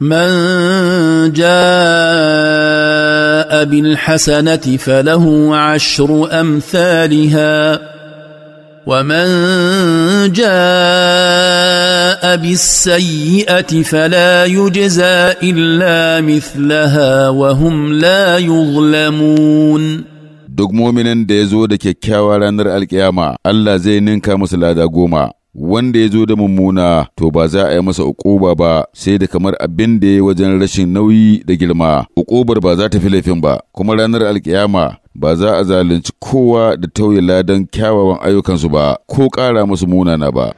من جاء بالحسنه فله عشر امثالها ومن جاء بالسيئه فلا يجزى الا مثلها وهم لا يظلمون دوغمومينن دايزو دكي كاوالانر القيامه الله زينن كاموس لادا wanda ya zo da mummuna to ba za a yi masa ukuba ba sai da kamar abin da ya wajen rashin nauyi da girma ukubar ba za ta fi laifin ba kuma ranar alkiyama ba za a zalunci kowa da tauye ladan kyawawan ayyukansu ba ko ƙara musu munana ba